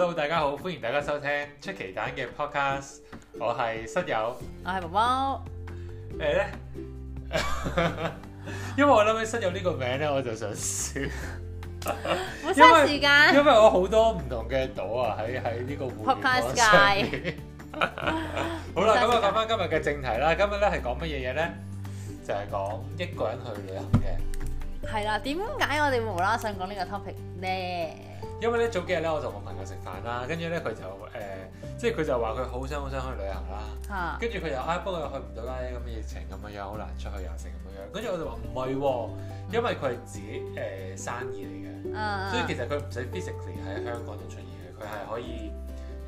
hello，大家好，歡迎大家收聽出奇蛋嘅 podcast，我係室友，我係毛毛，誒咧，因為我諗起室友呢個名咧，我就想笑，冇嘥時間，因為我好多唔同嘅朵啊，喺喺呢個 podcast 界，好啦，咁我，講翻今日嘅正題啦，今日咧係講乜嘢嘢咧？就係講一個人去旅行嘅，係啦，點解我哋無啦啦想講呢個 topic 咧？因為咧早幾日咧，我同我朋友食飯啦，跟住咧佢就誒、呃，即係佢就話佢好想好想去旅行啦，跟住佢又唉不過又去唔到啦，咁嘅疫情咁樣樣好難出去啊，食。咁樣樣，跟住我就話唔係喎，哦嗯、因為佢係自己誒、呃、生意嚟嘅，啊、所以其實佢唔使 physically 喺香港度出現，佢係可以。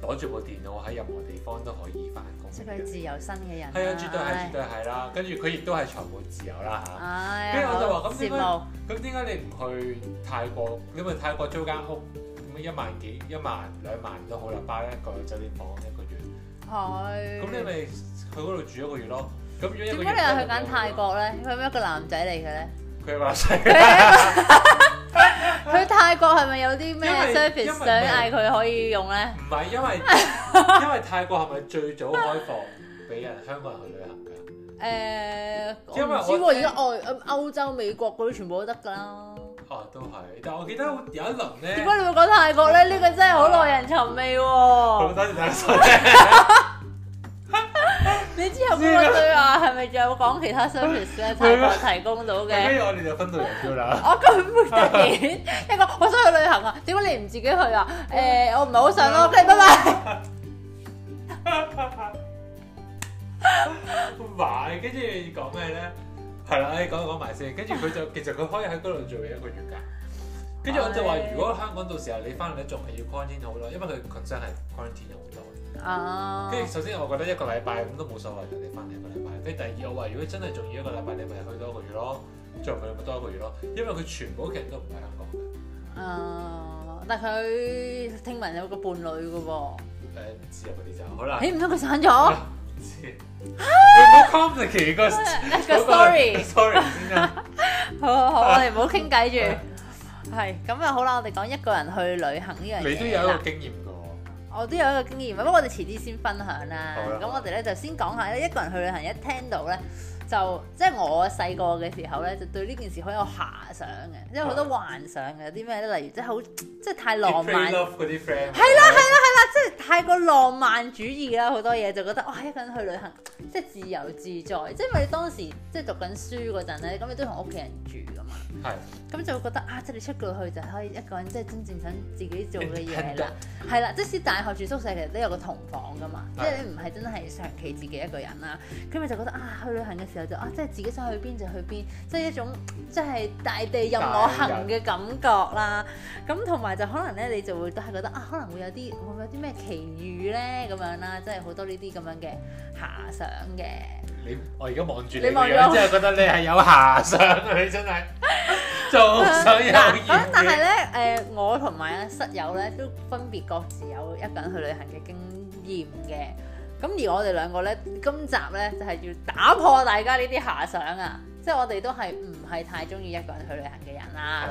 攞住部電腦，喺任何地方都可以翻工。即係佢自由身嘅人。係啊，絕對係，絕對係啦。跟住佢亦都係財務自由啦嚇。哎。跟住我就話咁點解？咁點解你唔去泰國？你唔泰國租間屋，咁一萬幾、一萬兩萬都好啦，包一個酒店房一個月。係。咁你咪去嗰度住一個月咯。咁如果一個月。做乜你又去揀泰國咧？為乜一個男仔嚟嘅咧？佢係話細。去泰國係咪有啲咩 service 想嗌佢可以用咧？唔係因為因為泰國係咪最早開放俾人香港人去旅行㗎？誒，我知喎，而家外歐洲、美國嗰啲全部都得㗎啦。啊，都係，但係我記得有一輪咧。點解你會講泰國咧？呢個真係好耐人尋味喎。你之後問佢話係咪仲有講其他 service 咧？提供到嘅，所以我哋就分隊人挑啦。我咁唔突然，一個我想去旅行啊，點解你唔自己去啊？誒，我唔係好想咯，不如拜拜。唔買，跟住講咩咧？係啦，你講講埋先。跟住佢就其實佢可以喺嗰度做嘢一個月㗎。跟住我就話：如果香港到時候你翻嚟咧，仲係要 quarantine 好咯，因為佢真係 quarantine 又好多。哦。跟住首先我覺得一個禮拜咁都冇所謂，你翻嚟一個禮拜。跟住第二我話：如果真係仲要一個禮拜，你咪去多一個月咯，再唔去咪多一個月咯，因為佢全部劇都唔喺香港嘅。哦，但係佢聽聞有個伴侶嘅喎。誒，唔知入邊就可能。你唔通佢散咗？唔知。你冇 confirm 個個 story？sorry。好好好，我哋唔好傾偈住。係，咁啊好啦，我哋講一個人去旅行呢樣嘢。你都有一個經驗噶喎。我都有一個經驗，不過我哋遲啲先分享啦。咁了我哋咧就先講下咧，一個人去旅行，一聽到咧。就即係我細個嘅時候咧，就對呢件事好有遐想嘅，即係好多幻想嘅，啲咩咧？例如即係好即係太浪漫嗰啲 friend，係啦係啦係啦，即係太過浪漫主義啦，好吧多嘢就覺得哇、哦、一個人去旅行即係自由自在，即係因為你當時即係讀緊書陣咧？咁你都同屋企人住噶嘛？係，咁的就會覺得啊，即係你出過去就可以一個人即係真正想自己做嘅嘢係啦，係啦、嗯嗯，即使大學住宿舍其實都有個同房噶嘛，即係你唔係真係長期自己一個人啦，咁咪就覺得啊去旅行嘅時候。嗯 就啊，即係自己想去邊就去邊，即係一種即係大地任我行嘅感覺啦。咁同埋就可能咧，你就會都係覺得啊，可能會有啲會唔會有啲咩奇遇咧咁樣啦，即係好多呢啲咁樣嘅遐想嘅。你我而家望住你嘅，即係覺得你係有遐想， 你真係仲想有。咁但係咧，誒、呃，我同埋啊室友咧都分別各自有一個人去旅行嘅經驗嘅。咁而我哋兩個呢，今集呢就係、是、要打破大家呢啲遐想啊！即係我哋都係唔係太中意一個人去旅行嘅人啦，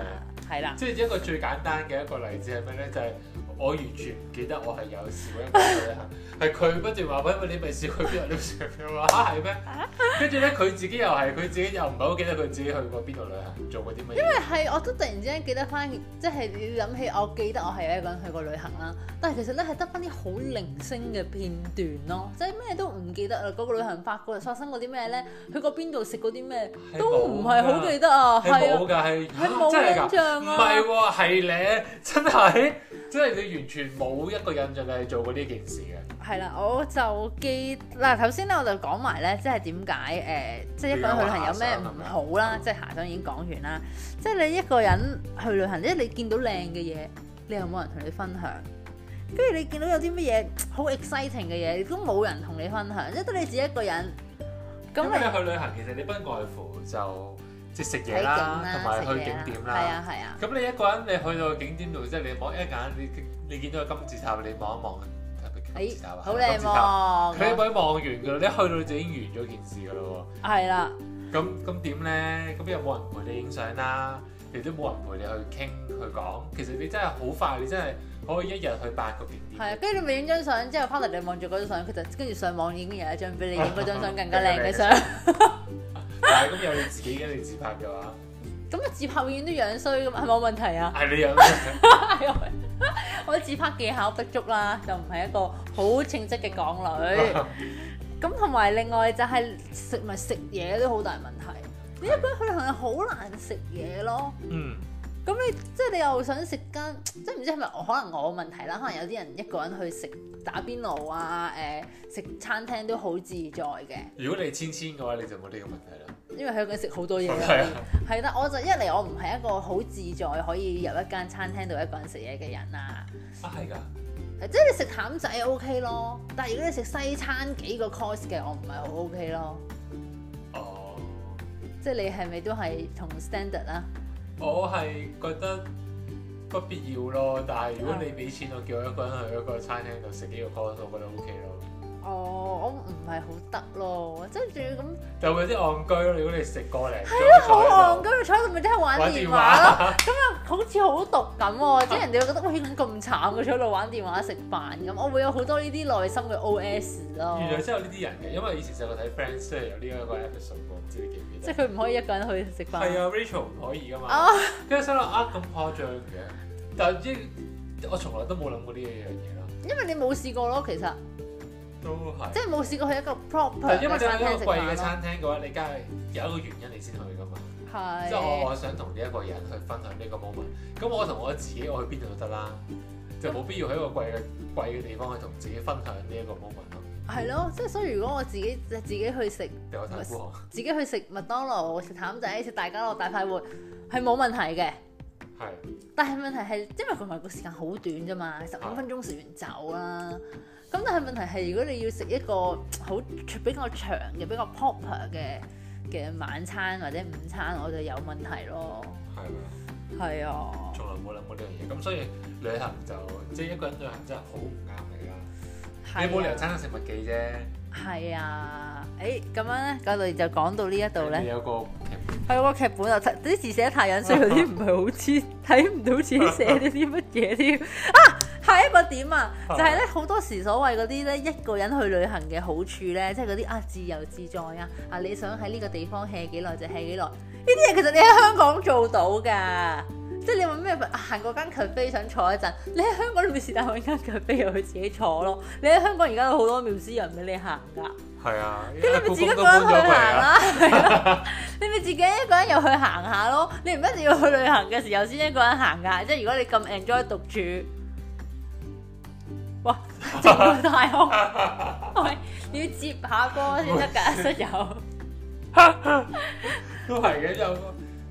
係啦。即係一個最簡單嘅一個例子係咩呢？就係、是。我完全唔記得我係有試過一個人去旅行，係佢不斷話：喂喂，你咪試過邊度？旅行？咁樣啊？嚇係咩？跟住咧，佢自己又係，佢自己又唔係好記得佢自己去過邊度旅行，做過啲乜嘢。因為係我都突然之間記得翻，即係你諗起，我記得我係一個人去過旅行啦。但係其實咧係得翻啲好零星嘅片段咯，即係咩都唔記得啦。嗰、嗰個旅行發覺發生過啲咩咧？去過邊度食過啲咩都唔係好記得啊。係啊，係冇印象啊。唔係喎，係咧、啊，真係即係你。 EM 完全冇一個印象係做過呢件事嘅。係啦，我就記嗱頭先咧，我就講埋咧，即係點解誒，即、呃、係、就是、一個人去旅行有咩唔好啦？即係行長已經講完啦。即係、嗯、你一個人去旅行，即一你見到靚嘅嘢，你又冇人同你分享？跟住你見到有啲乜嘢好 exciting 嘅嘢，亦都冇人同你分享，只得你自己一個人。咁你去旅行其實你不外乎就。即係食嘢啦，同埋去景點啦。係啊係啊。咁你一個人，你去到景點度，即係你望一眼，你你見到個金字塔，你望一望。哎，好靚喎！佢一望望完㗎啦，你一去到就已經完咗件事㗎啦。係啦。咁咁點咧？咁又冇人陪你影相啦，亦都冇人陪你去傾去講。其實你真係好快，你真係可以一日去八個景點。係啊，跟住你咪影張相之後，翻嚟你望住嗰張相，佢就跟住上網已經有一張比你影嗰張相更加靚嘅相。咁有你自己嘅你自拍嘅話，咁啊自拍會唔會都樣衰噶？係冇問題啊？係你樣，我自拍技巧不足啦，又唔係一個好稱職嘅港女。咁同埋另外就係食，咪食嘢都好大問題。一般去係好難食嘢咯。嗯。咁你即係你又想食間，即係唔知係咪可能我問題啦？可能有啲人一個人去食打邊爐啊，誒、呃、食餐廳都好自在嘅。如果你係千千嘅話，你就冇呢個問題啦。因為香港食好多嘢，係啦，我就一嚟我唔係一個好自在可以入一間餐廳度一個人食嘢嘅人啦。啊，係㗎、啊，即係你食譚仔 OK 咯，但係如果你食西餐幾個 course 嘅，我唔係好 OK 咯。哦，即係你係咪都係同 standard 啦？我係覺得不必要咯，但係如果你俾錢我叫我一個人去一個餐廳度食幾個 con，我覺得 OK 咯、嗯。哦，我唔係好得咯，即係仲要咁就會啲戇居咯。如果你食過嚟，係咯好戇居。咪即係玩電話咯，咁啊 好似好毒咁喎， 即係人哋會覺得哇，佢咁咁慘嘅，喺度玩電話食飯咁，我會有好多呢啲內心嘅 OS 咯。原來真係有呢啲人嘅，因為以前成日睇 Friends 即係有呢一個 episode 過，唔知你記唔記得？即係佢唔可以一個人去食飯。係啊 ，Rachel 唔可以㗎嘛。跟住想話啊，咁誇張嘅，但係我從來都冇諗過呢一樣嘢咯。因為你冇試過咯，其實都係是即係冇試過去一個 proper 餐廳食飯咯。因為你一個貴嘅餐廳嘅話， 你梗係有一個原因你先去。即係是我我想同呢一個人去分享呢個 moment，咁我同我自己我去邊度都得啦，就冇必要喺個貴嘅貴嘅地方去同自己分享呢一個 moment 咯。係咯，即係所以如果我自己自己去食，自己去食是麥當勞食 譚仔食大家樂大快活係冇問題嘅。係的。但係問題係因為佢埋個時間好短啫嘛，十五分鐘食完走啦。咁的但係問題係如果你要食一個好比較長嘅比較 proper 嘅。嘅晚餐或者午餐我就有問題咯，係啊，係啊，從來冇諗過呢樣嘢，咁所以旅行就即一個人旅行真係好唔啱你啦、啊欸。你冇理由餐餐食麥記啫，係啊，誒咁樣咧，嗰度就講到呢一度咧，有個係個劇本啊，啲字寫得太隱晦， 有啲唔係好似，睇唔到自己寫啲啲乜嘢添啊！個點啊，啊？就係、是、咧，好多時所謂嗰啲咧，一個人去旅行嘅好處咧，即係嗰啲啊自由自在啊啊！你想喺呢個地方 hea 幾耐就 hea 幾耐，呢啲嘢其實你喺香港做到㗎。即係你問咩、啊、行過間咖啡想坐一陣，你喺香港你咪是但搵間咖啡又去自己坐咯。你喺香港而家有好多妙思人俾你行噶。係啊，咁你咪自己一個人去行啦。你咪自己一個人又去行下、啊、咯。你唔一定要去旅行嘅時候，一時候先一個人行噶。即係如果你咁 enjoy 獨處。 哇！仲大哭， 喂，你要接下歌先得㗎，室友。 都係嘅，有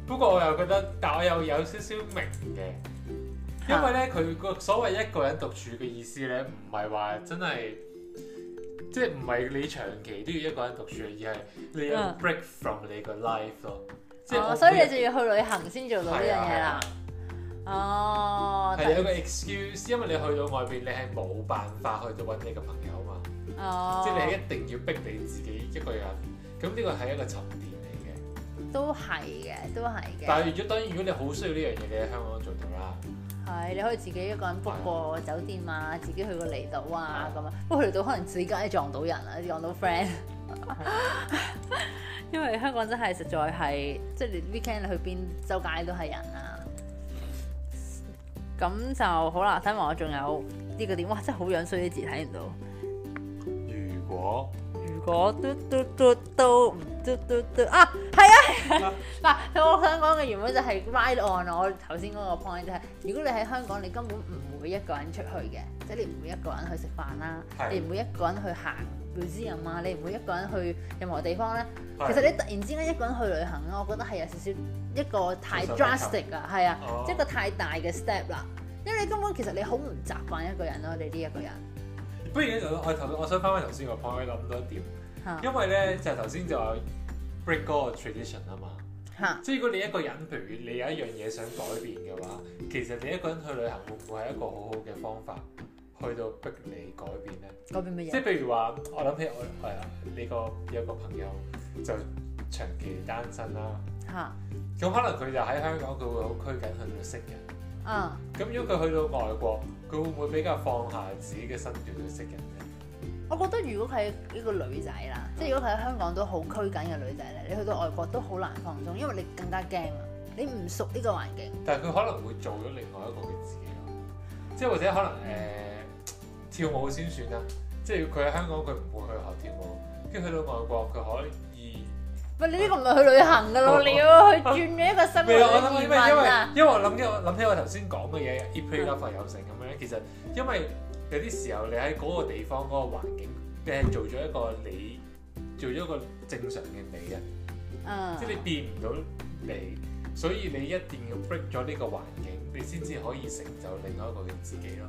不過我又覺得，但我又有少少明嘅，因為咧佢個所謂一個人獨處嘅意思咧，唔係話真係即係唔係你長期都要一個人獨處，而係你要 break from 你個 life 咯、嗯。即哦，我所以你就要去旅行先做到呢樣嘢啦。哦，係有個 excuse，因為你去到外邊，你係冇辦法去到揾你一個朋友嘛。哦，即係你係一定要逼你自己一個人。咁呢個係一個沉澱嚟嘅，都係嘅，都係嘅。但係如果當然，如果你好需要呢樣嘢，你喺香港做到啦。係，你可以自己一個人 book 個酒店啊，的自己去個離島啊咁啊。不過去到可能自己都撞到人啊，撞到 friend，啊。 的 因為香港真係實在係、就係，即係你 weekend 你去邊周街都係人啊。咁就好難睇埋，我仲有呢個點，哇！真係好樣衰，啲字睇唔到。如果嘟嘟嘟嘟嘟嘟啊，係啊！嗱、啊，所、啊、我想講嘅原本就係 ride、right、on 我頭先嗰個 point 就係，如果你喺香港，你根本唔會一個人出去嘅，即係你唔會一個人去食飯啦，的你唔會一個人去行未知啊嘛，你唔會一個人去任何地方咧。的其實你突然之間一個人去旅行咧，我覺得係有少少一個太 drastic 啊，係啊、哦，即一個太大嘅 step 啦。因為你根本其實你好唔習慣一個人咯，你呢一個人。不如我我我想翻翻頭先個 point 諗多一點，啊、因為咧就頭先就有 break 嗰個 tradition 啊嘛。嚇！啊、即係如果你一個人，譬如你有一樣嘢想改變嘅話，其實你一個人去旅行會唔會係一個好好嘅方法，去到逼你改變咧？改變乜嘢？即係譬如話，我諗起我誒你個有一個朋友就長期單身啦。嚇！咁可能佢就喺香港，佢會好拘謹去識人。啊！咁、嗯、如果佢去到外國，佢會唔會比較放下自己嘅身段去識人呢？我覺得如果佢係一個女仔啦，嗯、即係如果佢喺香港都好拘謹嘅女仔咧，你去到外國都好難放鬆，因為你更加驚啊！你唔熟呢個環境，但係佢可能會做咗另外一個嘅自己囉，嗯、即係或者可能誒、呃、跳舞先算啦。即係佢喺香港佢唔會去學跳舞，跟住去到外國佢可以。喂，你呢個唔係去旅行嘅咯，哦、你要去轉嘅一個新嘅見，因為我諗起我諗起我頭先講嘅嘢，Eat Pray Love 有成咁樣，其實因為有啲時候你喺嗰個地方嗰、嗰個環境，你係做咗一個你做咗一個正常嘅你啊，嗯、即係你變唔到你，所以你一定要 break 咗呢個環境，你先至可以成就另外一個嘅自己咯。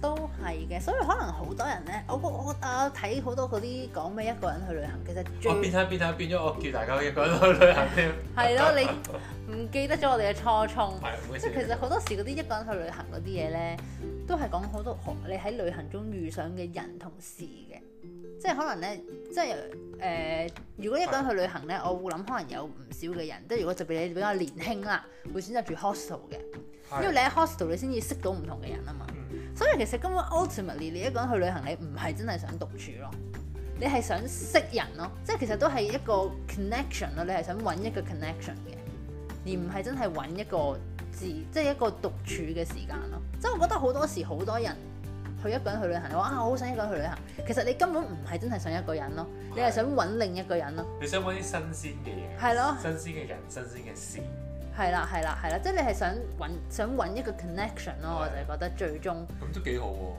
都係嘅，所以可能好多人咧，我覺得我我睇好多嗰啲講咩一個人去旅行，其實我變下變下變咗，我叫大家一個人去旅行添。係咯，你唔記得咗我哋嘅初衷、 嗯，即係其實好多時嗰啲一個人去旅行嗰啲嘢咧，都係講好多你喺旅行中遇上嘅人同事嘅，即係可能咧，即係誒，如果一個人去旅行咧，嗯、我會諗可能有唔少嘅人，即係如果特別你比較年輕啦，會選擇住 hostel 嘅，因為你喺 hostel 你先至識到唔同嘅人啊嘛。所以其實根本 ultimately 你一個人去旅行，你唔係真係想獨處咯，你係想識人咯，即係其實都係一個 connection 咯，你係想揾一個 connection 嘅，而唔係真係揾一個自，即係一個獨處嘅時間咯。即係我覺得好多時好多人去一個人去旅行，你話啊，我好想一個人去旅行，其實你根本唔係真係想一個人咯，的你係想揾另一個人咯。你想揾啲新鮮嘅嘢，係咯的，新鮮嘅人，新鮮嘅事。係啦，係啦，係啦，即係、就是、你係想揾想揾一個 connection 咯的，我就係覺得最終咁都幾好喎，啊，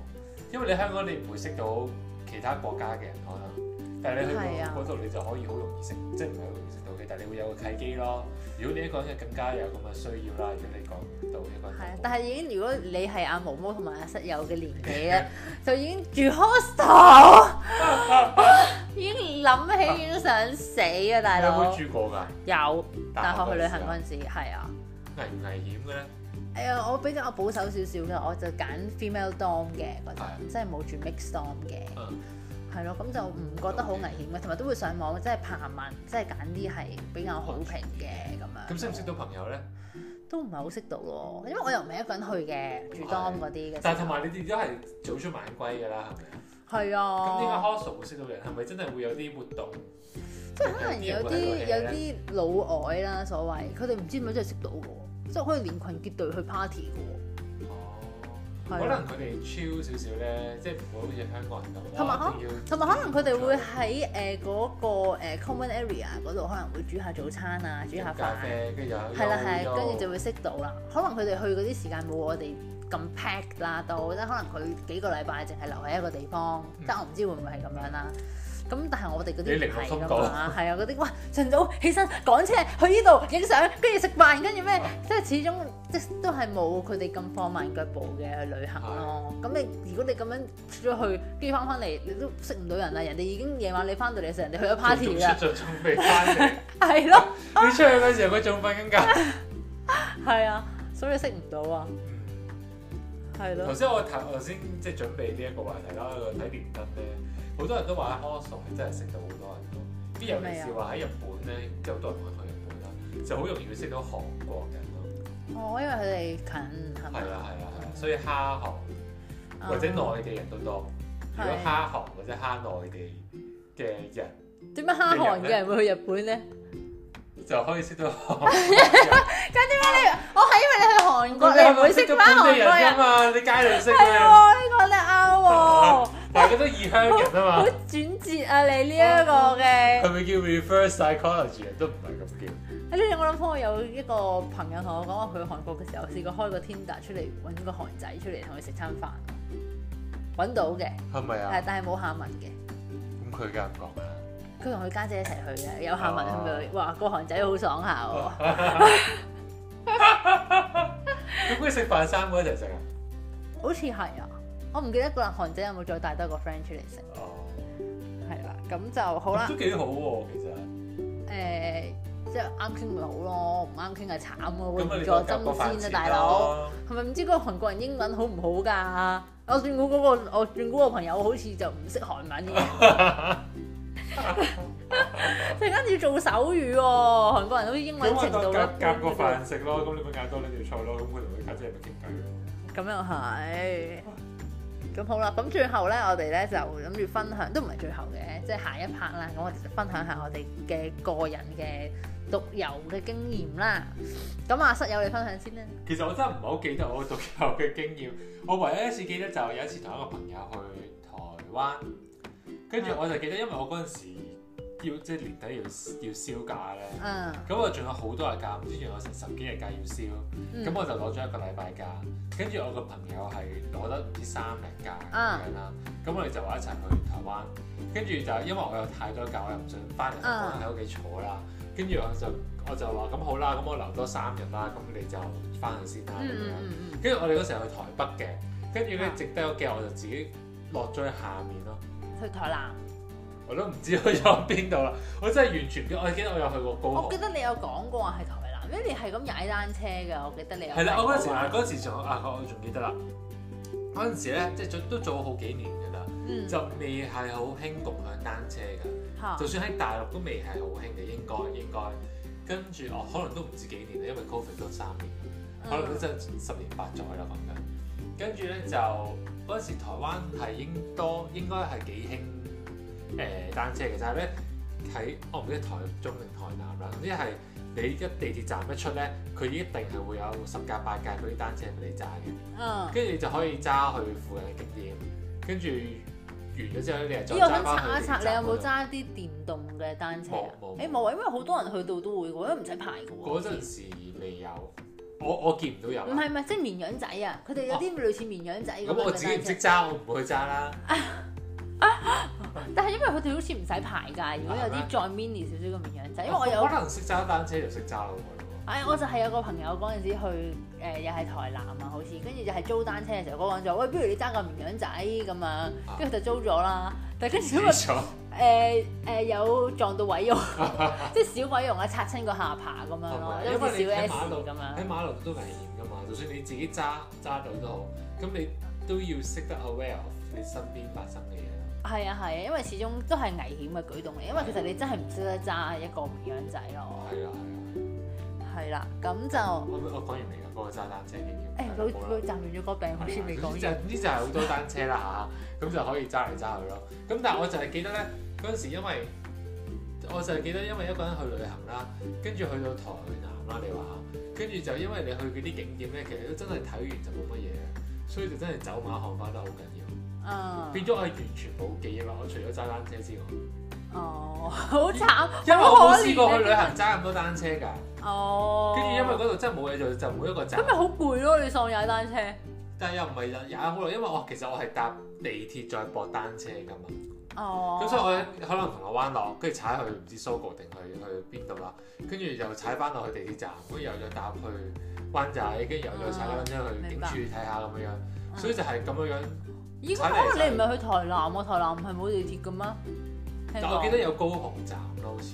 因為你香港你唔會識到其他國家嘅人，可能。但係你嗰度，你就可以好容易食，即係好容易食到嘅。但係你會有個契機咯。如果你一個人嘅更加有咁嘅需要啦，如果你講到嘅。個人，但係已經如果你係阿毛毛同埋阿室友嘅年紀咧， 就已經住 hostel， 已經諗起 已經想死啊！大佬你有冇住過㗎？有大學去旅行嗰陣時，係啊危唔危險咧？哎呀，我比較我保守少少嘅，我就揀 female dorm 嘅嗰陣，即係冇住 mix dorm 嘅。 係咯，咁就唔覺得好危險嘅，同埋都會上網，即係爬文，即係揀啲係比較好評嘅咁樣。咁識唔識到朋友咧？都唔係好識到咯，因為我又唔係一個人去嘅，住 dorm 嗰啲嘅。但係同埋你哋都係早出晚歸㗎啦，係咪啊？係啊。咁點解 hostel 會識到人？係咪真係會有啲活動？即係可能有啲有啲老外啦，所謂佢哋唔知點解真係識到嘅，即係可以連群結隊去 party 嘅。 可能佢哋 chill 少少咧，即係唔會好似香港人咁，一定要，同埋可能佢哋會喺誒嗰個、呃、common area 嗰度可能會煮下早餐啊，煮下飯、啊、咖啡，跟住又係係啦係，跟住用 就會識到啦。可能佢哋去嗰啲時間冇我哋咁 pack 啦，到即係可能佢幾個禮拜淨係留喺一個地方，但係我唔知會唔會係咁樣啦。咁但係我哋嗰啲係啊，係啊嗰啲哇，晨早起身趕車去呢度影相，跟住食飯，跟住咩？即係始終即都係冇佢哋咁放慢腳步嘅去旅行咯。咁、啊、你如果你咁樣出咗去，跟住翻翻嚟，你都識唔到人啦。人哋已經夜晚你翻到嚟嘅時候，人哋去咗 party 啊。仲出咗準備翻嚟。係咯。你出去嗰時候佢仲瞓緊覺。係啊， 所以識唔到啊。係咯。頭先是我頭頭先即係準備呢一個話題啦，睇連登咧，好多人都話喺 Oslo 係、嗯、呵真係識到好多人咯。啲尤其是話喺日本咧，好嗎多人會去日本啦，就好容易會識到韓國人咯。哦，因為佢哋近係咪？係啦，係啦，係啦，所以蝦韓或者內地人都多。嗯、如果蝦韓或者蝦內地嘅人，的人，的人，點解蝦韓嘅人會去日本咧？嗯就可以識到韓國人。咁點解你？ 我係因為你去韓國，你唔會識翻、啊、韓國人啊嘛？你街裏識啊？呢個呢亞運，大家都異鄉人啊嘛。好轉折啊！你呢一個嘅。係咪叫 reverse psychology 啊？都唔係咁叫。跟住、 哎、我諗，我有一個朋友同我講，我去韓國嘅時候試過開個 Tinder 出嚟揾個韓仔出嚟同佢食餐飯，揾到嘅。係咪啊？係，但係冇下文嘅。咁佢梗唔講啊？佢同佢家姐一齊去嘅，有下文，佢咪話個韓仔好爽下喎、哦。咁佢食飯三個一齊食啊？好似係啊，我唔記得個韓仔有冇再帶多個 friend 出嚟食。哦，係啦，咁就好啦。都幾好喎，其實、啊。誒、呃，即係啱傾咪好咯，唔啱傾係慘喎。咁咪做真先啊，先大佬哥。係咪唔知個韓國人英文好唔好㗎？我見嗰、嗰個我見嗰個朋友好似就唔識韓文嘅。 突然間要做手語喎、哦，韓國人都英文程度咧。夾 個飯食咯，咁你唔好夾多囉 你條菜咯，咁佢同佢家姐係咪傾偈？咁又係，咁好啦，咁最後咧，我哋咧就諗住分享，都唔係最後嘅，即係下一 part 啦。咁我哋就分享下我哋嘅個人嘅獨遊嘅經驗啦。咁啊，室友你分享先啦。其實我真係唔係好記得我獨遊嘅經驗，我唯一一次記得就有一次同一個朋友去台灣。跟住我就記得，因為我嗰陣時要即係年底要要燒假咧，咁、嗯、我仲有好多日假，唔知仲有成十幾日假要燒，咁、嗯、我就攞咗一個禮拜假。跟住我個朋友係攞得唔知三日假咁樣啦，咁、嗯、我哋就話一齊去台灣。跟住就因為我有太多假，我又唔想翻嚟香港，就坐喺屋企坐啦。跟住我就我就話咁好啦，咁我多留多三日啦，咁你就翻去先啦、啊、咁樣。跟住、嗯、我哋嗰時候去台北嘅，跟住咧剩低嗰幾日我就自己落咗去下面咯。嗯嗯去台南，我都唔知去咗邊度啦！我真係完全唔記得，我記得我有去過高雄。我記得你有講過話係台南，你係咁踩單車嘅，我記得你係啦。我嗰陣時啊，嗰陣時仲啊，我仲記得啦。嗰陣時咧，即係都做咗好幾年㗎啦，嗯、就未係好興共享單車㗎。嗯、就算喺大陸都未係好興嘅，應該應該。跟住哦，可能都唔知幾年啦，因為 Covid 都三年，嗯、可能都真係十年八載啦咁樣。跟住咧就。嗰時台灣係應多應該係幾興誒單車嘅，就係咧喺我唔記得台中定台南啦，總之係你一地鐵站一出咧，佢一定係會有十架八架嗰啲單車俾你揸嘅。嗯，跟住你就可以揸去附近嘅景點，跟住完咗之後咧，你係再揸翻去。咦？我想查一查你有冇揸啲電動嘅單車啊？誒冇啊，因為好多人去到都會，因為唔使排嘅喎。嗰陣時未有。我我見唔到人，唔係唔係，即係綿羊仔啊！佢哋有啲類似綿羊仔嗰個，咁我自己唔識揸，我唔會去揸啦。啊 但係因為佢哋好似唔使牌㗎，如果有啲再 mini 少少嘅綿羊仔，嗎因為我有，我可能識揸單車就識揸咯。哎，我就係有個朋友嗰陣時去，誒又係台南啊，好似跟住就係租單車嘅時候，嗰個就話：喂，不如你揸個綿羊仔咁啊！跟住、hmm. 就租咗啦。但係跟住咁啊，有、呃呃呃呃、撞到毀容， 即係小毀容啊，擦親個下巴咁樣咯。Okay. 因為喺馬路咁啊。喺馬路都危險噶嘛， 就算你自己揸揸到都好，咁你都要識得 aware of 你身邊發生嘅嘢。係啊係啊，因為始終都係危險嘅舉動嚟，因為其實你真係唔識得揸一個綿羊仔咯。係啊。對係啦，咁就、嗯、我完我講、哎、完未啊？嗰個揸單車嘅誒，佢佢集咗個餅，好似未講呢？呢就係好多單車啦吓，咁、 啊、就可以揸嚟揸去咯。咁但係我就係記得咧，嗰陣時因為我就係記得因為一個人去旅行啦，跟住去到台南啦、啊，你話跟住就因為你去嗰啲景點咧，其實都真係睇完就冇乜嘢，所以就真係走馬看花都好緊要。啊！Uh, 變咗我完全冇記憶啦，我除咗揸單車之外，哦，uh, 好慘，因為我冇試過去旅行揸咁多單車㗎。哦，跟住、oh. 因為嗰度真係冇嘢做，就每一個站。咁咪好攰咯，你上踩單車。但係又唔係踩好耐，因為我其實我係搭地鐵再駁單車噶嘛。哦。咁所以我可能同阿彎落，跟住踩去唔知 Sogo 定去去邊度啦，跟住又踩翻落去地鐵站，跟住又再搭去灣仔，跟住又再踩單車去景趣睇下咁樣白樣。嗯、所以就係咁樣樣。咦、嗯？嗰個、就是、你唔係去台南喎？台南唔係冇地鐵噶咩？但我記得有高雄站咯，好似。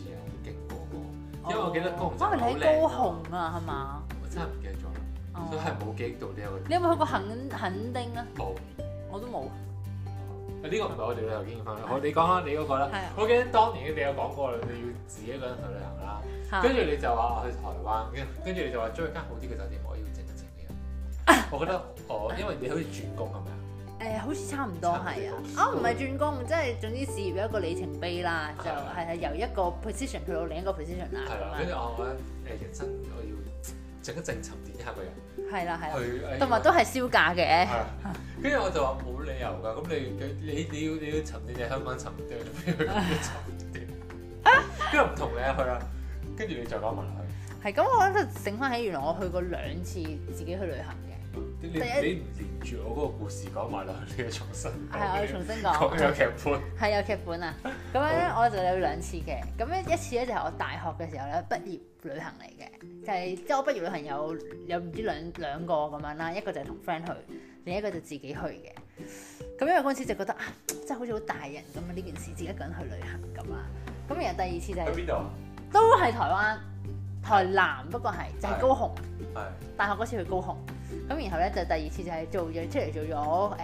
因為我記得高雄，因為你喺高雄啊，係嘛？我真係唔記得咗啦，佢係冇記憶到呢一個。你有冇去過墾墾丁啊？冇沒有，我都冇。呢個唔係我哋旅遊經驗翻啦。我你講下你嗰個啦。我記得當年你有講過你要自己一個人去旅行啦。跟住是的 你就話去台灣，跟住你就話租一間好啲嘅酒店，我要整一整嘅，我覺得哦，啊、因為你好似轉工咁樣。是誒好似差唔多係啊！啊，唔係轉工，即係總之事業有一個里程碑啦，就係係由一個 position 去到另一個 position 啦。係啦，跟住我話誒，人生我要整一陣沉澱一下個人，係啦係啦，同埋都係銷假嘅。跟住我就話冇理由㗎，咁你你你要你要沉澱香港沉澱，不如去咁樣啊！跟住唔同你去啦，跟住你再講埋落去。係咁，我覺得醒翻起，原來我去過兩次自己去旅行嘅。你唔連住我嗰個故事講埋落去，你要重新講。係、啊，我要重新講。講有劇本。係 有劇本啊！咁樣咧，的我就有兩次嘅。咁咧一次咧就係我大學嘅時候咧畢業旅行嚟嘅，就係即係我畢業旅行有有唔知兩兩個咁樣啦、啊，一個就係同 friend 去，另一個就自己去嘅。咁因為嗰陣時就覺得啊，真係好似好大人咁啊！呢件事自己一個人去旅行咁啊！咁然後第二次就係、去邊度？都係台灣。台南，不過係就係高雄，的大學嗰次去高雄，咁然後咧就第二次就係做咗出嚟做咗誒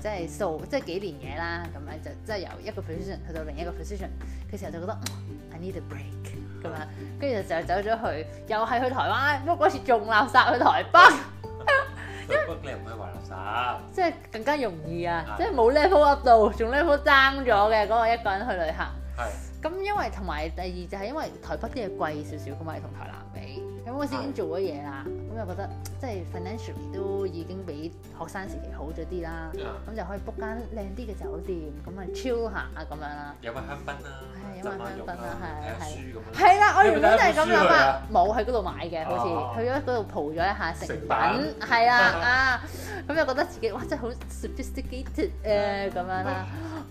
即係數即係幾年嘢啦，咁樣就即係由一個 position 去到另一個 position，嘅時候就覺得 I need a break 咁啊，跟住就就走咗去，又係去台灣，不過嗰次仲垃圾去台北，台 為北靚過雲南垃圾，即係更加容易啊， 即係冇 level up 到，仲 level down 咗嘅嗰個一個人去旅行。的咁因為同埋第二就係因為台北啲嘢貴少少，咁啊同台南比。咁我先做咗嘢啦，咁又覺得即係 financially 都已經比學生時期好咗啲啦。咁就可以 book 間靚啲嘅酒店，咁啊 chill 下咁樣啦。飲下香檳啦，浸下浴啊。係係。係啦，我原本就係咁諗啊，冇喺嗰度買嘅，好似去咗嗰度淘咗一下食品，係啊啊，咁又覺得自己哇真係好 sophisticated 啊咁樣啦。咁我就係，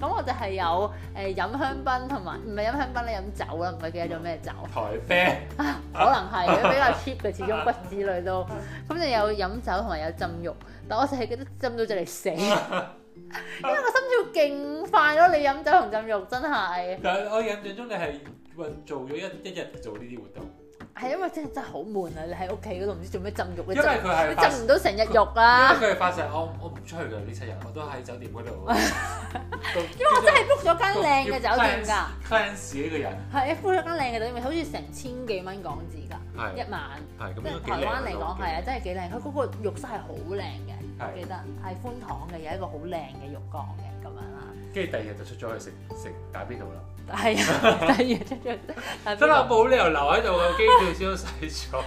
咁我就係有誒飲香檳同埋，唔係飲香檳你飲酒啦，唔係記唔記得咗咩酒？台啤，可能係比較 cheap 嘅，始終骨子裡都。咁你有飲酒同埋有浸浴，但係我就係記得浸到就嚟死，因為我心跳勁快咯。你飲酒同浸浴真係。但係我印象中你係話做咗一一日做呢啲活動。係因為真係真係好悶啊！你喺屋企嗰度唔知做咩浸浴，嘅，你浸唔到成日浴啊！因為佢係發誓，我我唔出去嘅呢七日，我都喺酒店嗰度。 都因為我真係 book 咗間靚嘅酒店㗎，fans 呢個人係一 book 咗間靚嘅酒店，好似成千幾蚊港紙㗎，是一晚。係，即係台灣嚟講係啊，真係幾靚。佢嗰個浴室係好靚嘅，是記得係寬敞嘅，有一個好靚嘅浴缸嘅咁樣。跟住第二日就出咗去食食，打邊度啦。係啊，第二日出咗。真係冇理由留喺度嘅，機票先都使咗。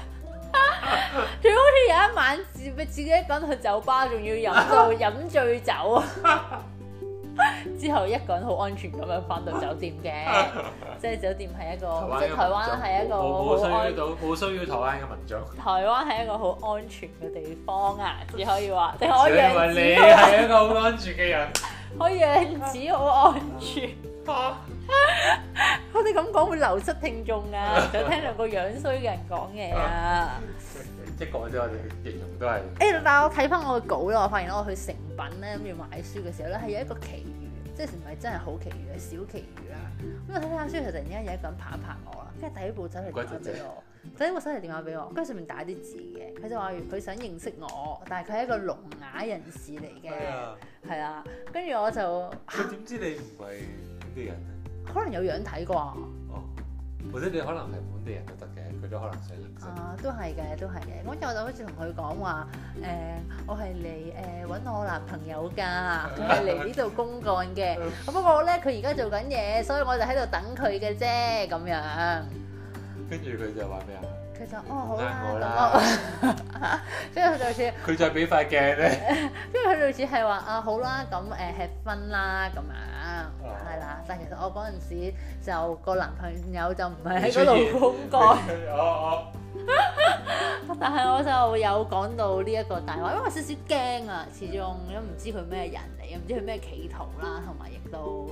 佢好似有一晚自己自己一個人去酒吧，仲要飲醉，飲醉酒啊！ 之後一個人好安全咁樣返到酒店嘅， 即係酒店係一個，即係台灣係一個好安全。冇需，需要台灣嘅文章。台灣係一個好安全嘅地方啊，只可以話。你認為你係一個好安全嘅人？ 我樣子好安全，啊，啊、 我哋咁講會流失聽眾㗎，想聽兩個樣衰嘅人講嘢啊！即講咗我哋形容都係，誒、欸，但係我睇翻我個稿咧，我發現我去成品咧咁樣買書嘅時候咧，係有一個奇。即係唔係真係好奇遇啊，小奇遇啦、啊。咁我睇睇下書，就突然間有一個人拍拍我啦，跟住第一步走嚟接我，乖乖第一部手提電話俾我，跟住乖上面打啲字嘅，佢就話佢想認識我，但係佢係一個聾啞人士嚟嘅，係啊、嗯。跟住我就，佢點知你唔係本地人？可能有樣睇啩。或者你可能係本地人都得嘅，佢都可能想。啊，都係嘅，都係嘅。咁之後就好似同佢講話，誒、呃，我係嚟誒搵我男朋友㗎，佢係嚟呢度公幹嘅。咁 不過咧，佢而家做緊嘢，所以我就喺度等佢嘅啫，咁樣。跟住佢就話咩啊？其實哦好啦，咁啊，跟住佢類似佢再俾塊鏡咧，跟住佢類似係話啊好啦，咁誒吃分啦咁樣，係啦。但其實我嗰陣時就個男朋友就唔係喺嗰度公幹，我我。但係我就有講到呢一個大話，因為我少少驚啊，始終都唔知佢咩人嚟，唔知佢咩企圖啦，同埋亦都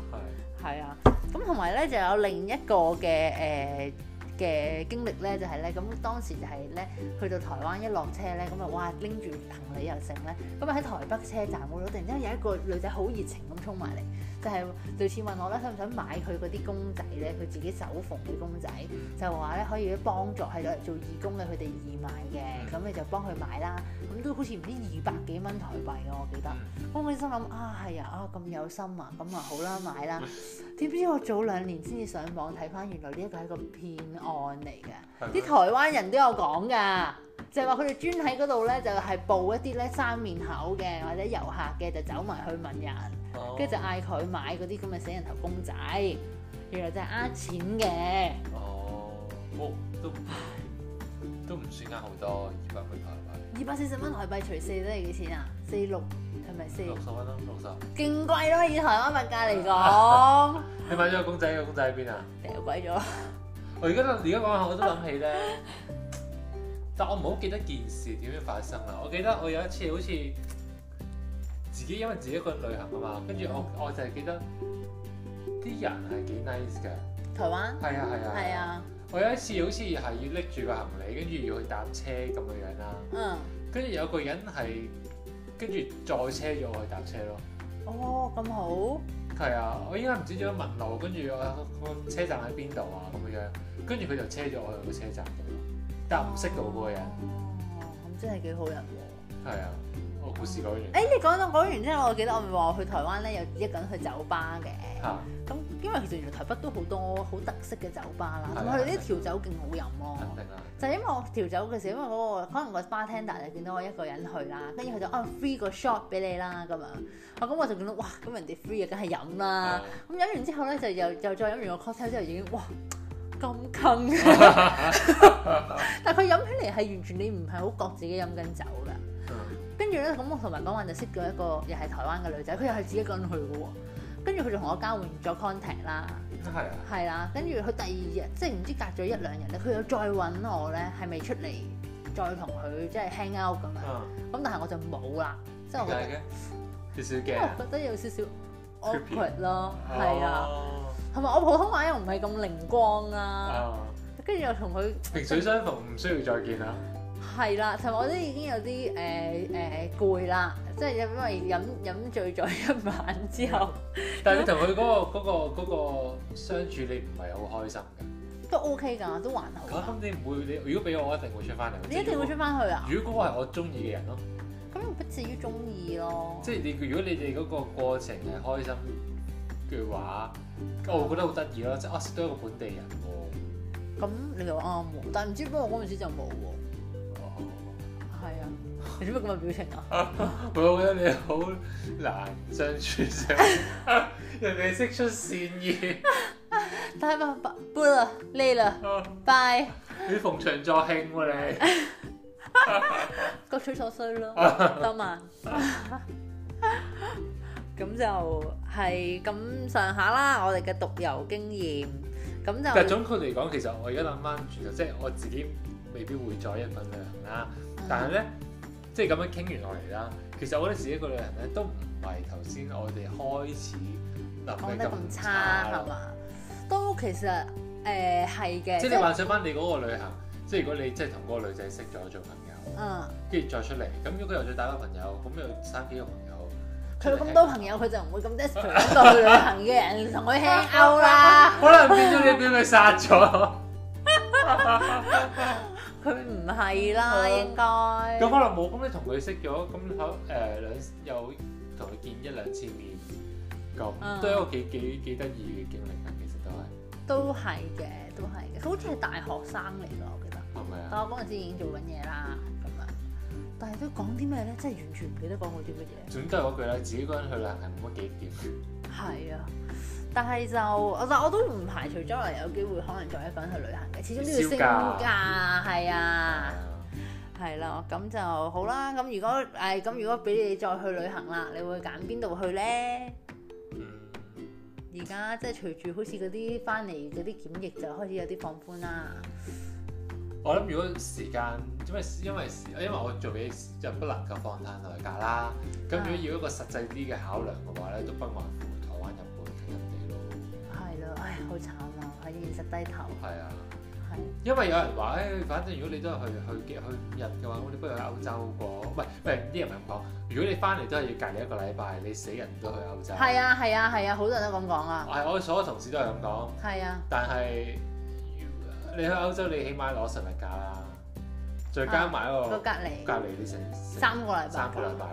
係係啊。咁同埋咧就有另一個嘅誒。嘅經歷呢，就係呢，咁當時就係呢，去到台灣一落車呢，咁啊哇拎住行李又剩呢。咁啊喺台北車站嗰度突然之間有一個女仔好熱情咁衝埋嚟。就係類似問我咧，想唔想買佢嗰啲公仔咧？佢自己手縫嘅公仔，就話咧可以幫助係咧做義工咧，佢哋義賣嘅，咁你就幫佢買啦。咁都好似唔知二百幾蚊台幣嘅，我記得。嗯、我嗰陣心諗啊，係啊，啊咁有心啊，咁啊好啦，買啦。點知我早兩年先至上網睇返，看看原來呢一個係個騙案嚟嘅。啲、嗯、台灣人都有講㗎，就係話佢哋專喺嗰度咧，就係報一啲咧生面口嘅或者遊客嘅，就走埋去問人。跟住就嗌佢買嗰啲咁嘅死人頭公仔，原來就係呃錢嘅、哦。哦，我都 都唔算呃好多，二百蚊台幣。二百四十蚊台幣除四都係幾錢啊？四六係咪四六十蚊咯？六十。勁貴咯，以台灣物價嚟講。 你買咗個公仔？個公仔喺邊啊？掉鬼咗。 我而家而家講下，我都諗起咧。 但我唔好記得件事點樣發生啦。我記得我有一次好似。自己因為自己一個人旅行啊嘛，跟住我我就係記得啲人係幾 nice 嘅。台灣。係啊，係啊。係啊。我有一次好似係要拎住個行李，跟住要去搭車咁嘅樣啦。嗯。跟住有個人係跟住再車咗我去搭車咯。哦，咁好。係啊，我依家唔知點樣問路，跟住我個車站喺邊度啊咁嘅樣，跟住佢就車咗我去個車站，但唔識到嗰個人。哦，咁真係幾好人喎。係啊。我故事講完、欸。誒，你講到講完之後，我記得我話去台灣咧，有一個人去酒吧嘅。咁、啊、因為其實原來台北都好多好特色嘅酒吧啦，咁佢哋啲調酒勁好飲咯。定啊！就因為我調酒嘅時候，因為嗰、那個可能個 bartender 就見到我一個人去啦，跟住佢就啊 free 個 shot 俾你啦咁啊。啊咁我就見到哇，咁人哋 free 啊，梗係飲啦。咁飲、嗯嗯、完之後咧，就又又再飲完個 cocktail 之後已經哇咁坑。但係佢飲起嚟係完全你唔係好覺自己飲緊酒㗎。跟住咧，咁我同人講話就識咗一個又係台灣嘅女仔，佢又係自己一個人去嘅喎。跟住佢就同我交換咗 contact 啦，係啊，係啦、啊。跟住佢第二日，即係唔知隔咗一兩日咧，佢又再揾我咧，係咪出嚟再同佢即係 hang out 咁樣、嗯。咁但係我就冇啦，即係我少得有少少覺得有少少 awkward 咯，係啊，同埋、啊、我普通話又唔係咁靈光啊。跟住、啊、又同佢萍水相逢，唔需要再見啦。係啦，同埋、嗯、我都已經有啲誒誒攰啦，即係因為飲飲醉咗一晚之後。但係你同佢嗰個嗰、 嗰個嗰個、相處，你唔係好開心㗎？都 OK 㗎，都還好。咁你唔會？你如果俾我，我一定會出翻嚟。你一定會出翻去啊？如果係我中意嘅人咯，咁不至於中意咯。即係你，如果你哋嗰個過程係開心嘅話，我覺得好得意咯。即係啊，識到一個本地人喎。咁、嗯、你又啱喎，但係唔知點解我嗰陣時就冇喎。你做乜咁嘅表情啊？我覺得你好難相處啫，人哋釋出善意。睇下白杯啦，呢啦，bye。你逢場作興喎你，各取所需咯，得嘛？咁就係咁上下啦。我哋嘅獨遊經驗，咁就但係總括嚟講，其實我而家諗翻，其實即係我自己未必會再一個人旅行啦。但係咧。即係咁樣傾完落嚟啦，其實我覺得自己個女人咧都唔係頭先我哋開始講得咁差，係嘛？嗯、都其實誒、嗯、係嘅。即係你幻想翻你嗰個旅行，即係如果你即係同嗰個女仔識咗做朋友，嗯，跟住再出嚟，咁如果佢又再帶翻朋友，咁又生幾個朋友，佢有咁多朋友，佢就唔會咁 desperate 嘅人同佢 hang out 啦。可能變咗你表妹殺咗。佢唔係啦，應該咁可能冇。咁你同佢識咗，咁喺誒兩有同佢見一兩次面，咁都係一個幾幾幾得意嘅經歷啊，其實都係都係嘅，都係嘅。好似係大學生嚟㗎，我記得。係咪啊？但係我嗰陣時已經做緊嘢啦，咁樣。但係都講啲咩咧？真係完全唔記得講過啲乜嘢。總之都係嗰句啦，自己一個人去旅行冇乜記憶點。係啊。但係就，我但我都唔排除將來有機會可能再一個人去旅行嘅，始終都要升價，係啊，係啦、啊，咁、啊、就好啦。咁如果誒咁、哎、如果俾你再去旅行啦，你會揀邊度去咧？而家、嗯、即係隨住好似嗰啲返嚟嗰啲檢疫就開始有啲放寬啦。我諗如果時間，因為因為因為我做嘢就不能夠放太耐假啦。咁如果要一個實際啲嘅考量嘅話咧，都不滿。好慘啊！喺現實低頭。係啊，係。因為有人話咧，反正如果你都係去去去五日嘅話，我哋不如去歐洲過。喂，係啲人唔係咁講。如果你翻嚟都係要隔離一個禮拜，你死人都去歐洲。係啊係啊係啊，好多人都咁講啊。係我哋所有同事都係咁講。係啊。但係你去歐洲，你起碼攞十日假啦，再加埋一個隔離，隔離啲成三個禮三個禮拜。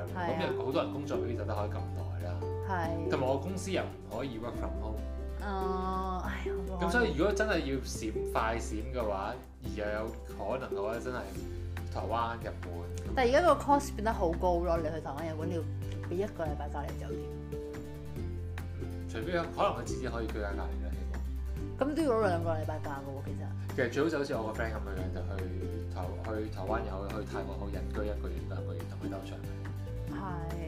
咁好多人工作未必做得開咁耐啦。係。同埋我公司又唔可以 work from home。哦，咁所以如果真係要閃快閃嘅話，而又有可能嘅話，真係台灣、日本。但係而家個 cost 變得好高咯，你去台灣、日本你要俾一個禮拜隔離酒店。除非可能佢自己可以居家隔離啦，希望。咁都要攞兩個禮拜假嘅喎，其實。其實最好就好似我個 friend 咁嘅樣，就去台去台灣遊，去泰國好隱居一個月兩個月同佢兜場。係。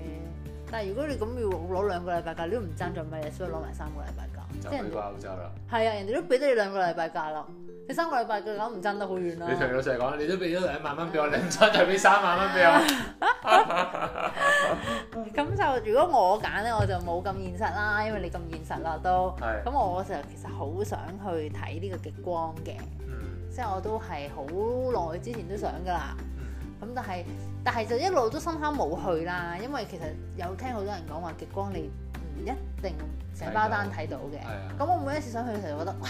但係如果你咁要攞兩個禮拜假，你都唔爭做咩嘢，所以攞埋三個禮拜假。即係去過歐洲啦，係啊，人哋都俾咗你兩個禮拜假咯，你三個禮拜假，啊，攞唔爭得好遠啦。你同老細講，你都俾咗兩萬蚊俾我，你唔爭就俾三萬蚊俾我。咁 就如果我揀咧，我就冇咁現實啦，因為你咁現實啦都。係是。咁我成日其實好想去睇呢個極光嘅，嗯、即係我都係好耐之前都想㗎啦。咁但係，但係就一路都心諗冇去啦，因為其實有聽好多人講話極光你唔一定寫包單睇到嘅。咁我每一次想去嘅時候，覺得哇，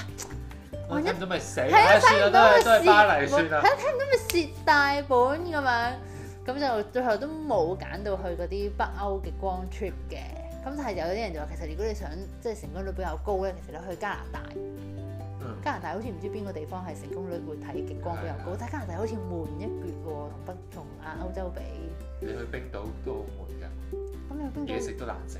睇唔到咪死，係啊，睇到都係白嚟算啦。係啊，睇唔到咪蝕大本咁樣，咁就最後都冇揀到去嗰啲北歐極光 trip 嘅。咁但係有啲人就話，其實如果你想即係成功率比較高咧，其實你去加拿大。加拿大好似唔知邊個地方係成功率會睇極光，比較高，的但加拿大好似悶一橛喎，同北同亞歐洲比。你去冰島都好悶㗎，咁你去冰島食嘢食都難食。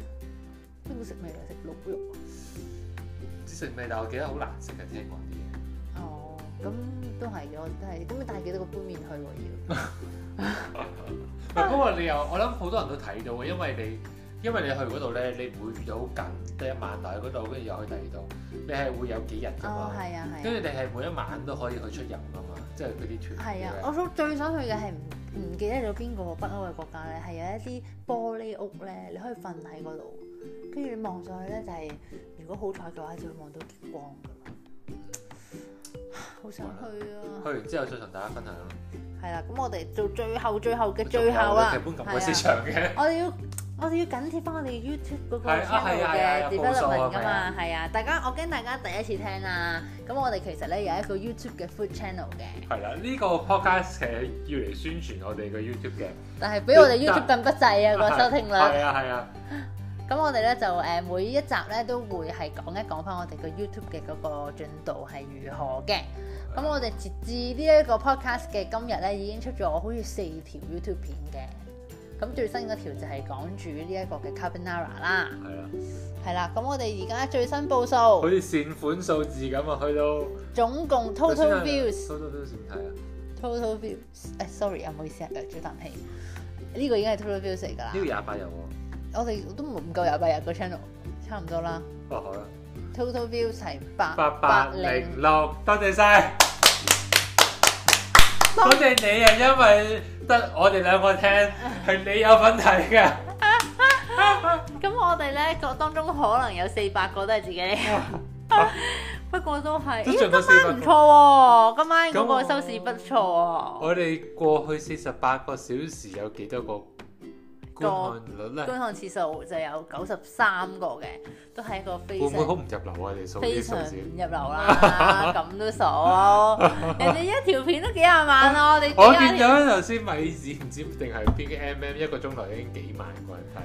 冰島食咩啊？食鹿肉。唔知食咩，但我記得好難食嘅，聽講啲嘢。哦，咁都係嘅，我都係。咁你帶幾多個杯麵去喎？要。不過你又，我諗好多人都睇到嘅，因為你，因為你去嗰度咧，你唔會遇到好近，即係一晚留喺嗰度，跟住又去第二度。你係會有幾日㗎嘛？哦，係啊，跟住、啊、你係每一晚都可以去出遊㗎嘛，即係嗰啲團。係啊，我最最想去嘅係唔唔記得咗邊個北歐嘅國家咧，係有一啲玻璃屋咧，你可以瞓喺嗰度，跟住望上去咧就係、是、如果好彩嘅話，就會望到極光㗎。好 想去啊！去完之後再同大家分享。係啦、啊，咁我哋做最後最後嘅最後本市場啊，係啊。我要。我哋要緊貼翻我哋 YouTube 嗰個 channel develop 嘅、啊啊啊啊、development 噶嘛，係啊,啊,啊！大家我驚大家第一次聽啊，咁我哋其實咧有一個 YouTube 嘅 food channel 嘅，係啦、啊，呢、呢個 podcast 係要嚟宣傳我哋個 YouTube 嘅，但係俾我哋 YouTube 更不濟啊、那個收聽率，係啊係啊。咁、啊啊啊、 我哋咧就誒每一集咧都會係講一講翻我哋 you 個 YouTube 嘅嗰個進度係如何嘅，咁、啊、我哋截至呢一個 podcast 嘅今日咧已經出咗好似四條 YouTube 片嘅。咁最新嗰條就係講住呢一個嘅 Carbonara 啦，係啊的，係啦。咁我哋而家最新報數，好似善款數字咁啊，去到總共 total views, total views，Total Views 點睇啊，total views，sorry 啊，唔好意思啊，誒，吹啖氣，呢個已經係 total views 嚟㗎啦，呢個廿八日喎，我哋都唔夠廿八日個 channel，差唔多啦，哦好啦，total views 係八八八零六，多謝晒！多謝你啊，因為。得我哋兩個聽，係你有份睇㗎。咁、 啊啊、我哋呢個當中可能有四百個都係自己，不過、啊啊、都係。咦，今晚唔錯喎，今晚嗰個收視不錯啊、哦。我哋過去四十八個小時有幾多個？個觀看次數就有九十三個嘅，都係一個非常。會唔會好唔入流啊？你數啲數字。非常唔入流啦，咁都數。人哋一條片都幾廿萬啊！我哋。我見到頭先米子唔知定係邊啲 M M，一個鐘頭已經幾萬個人睇。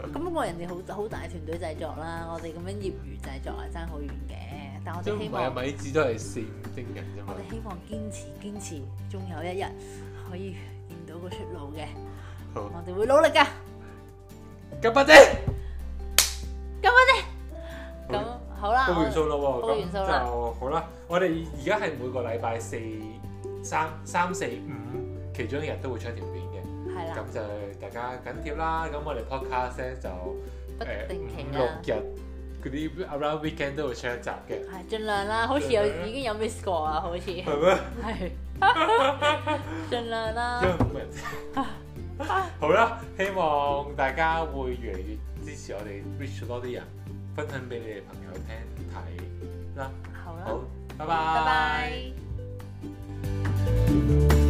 咁不過人哋好好大團隊製作啦，我哋咁樣業餘製作係爭好遠嘅。但係我哋希望。米子都係四五精人啫嘛。我哋希望堅持堅持，仲有一日可以見到個出路嘅。我哋會努力噶，夾 Band，夾 Band，咁好啦。報完數啦，報完數啦，好啦。我哋而家係每個禮拜四、三、三四五其中一日都會出條片嘅，係啦。咁就大家緊貼啦。咁我哋 podcast 咧就誒五六日嗰啲 around weekend 都會出一集嘅，係盡量啦。好似有已經有 miss 過啊。好似係咩？係盡量啦。因為冇咩。 好啦，希望大家會越嚟越支持我哋 reach 多啲人，分享俾你哋朋友聽睇啦。好啦了，拜拜。拜拜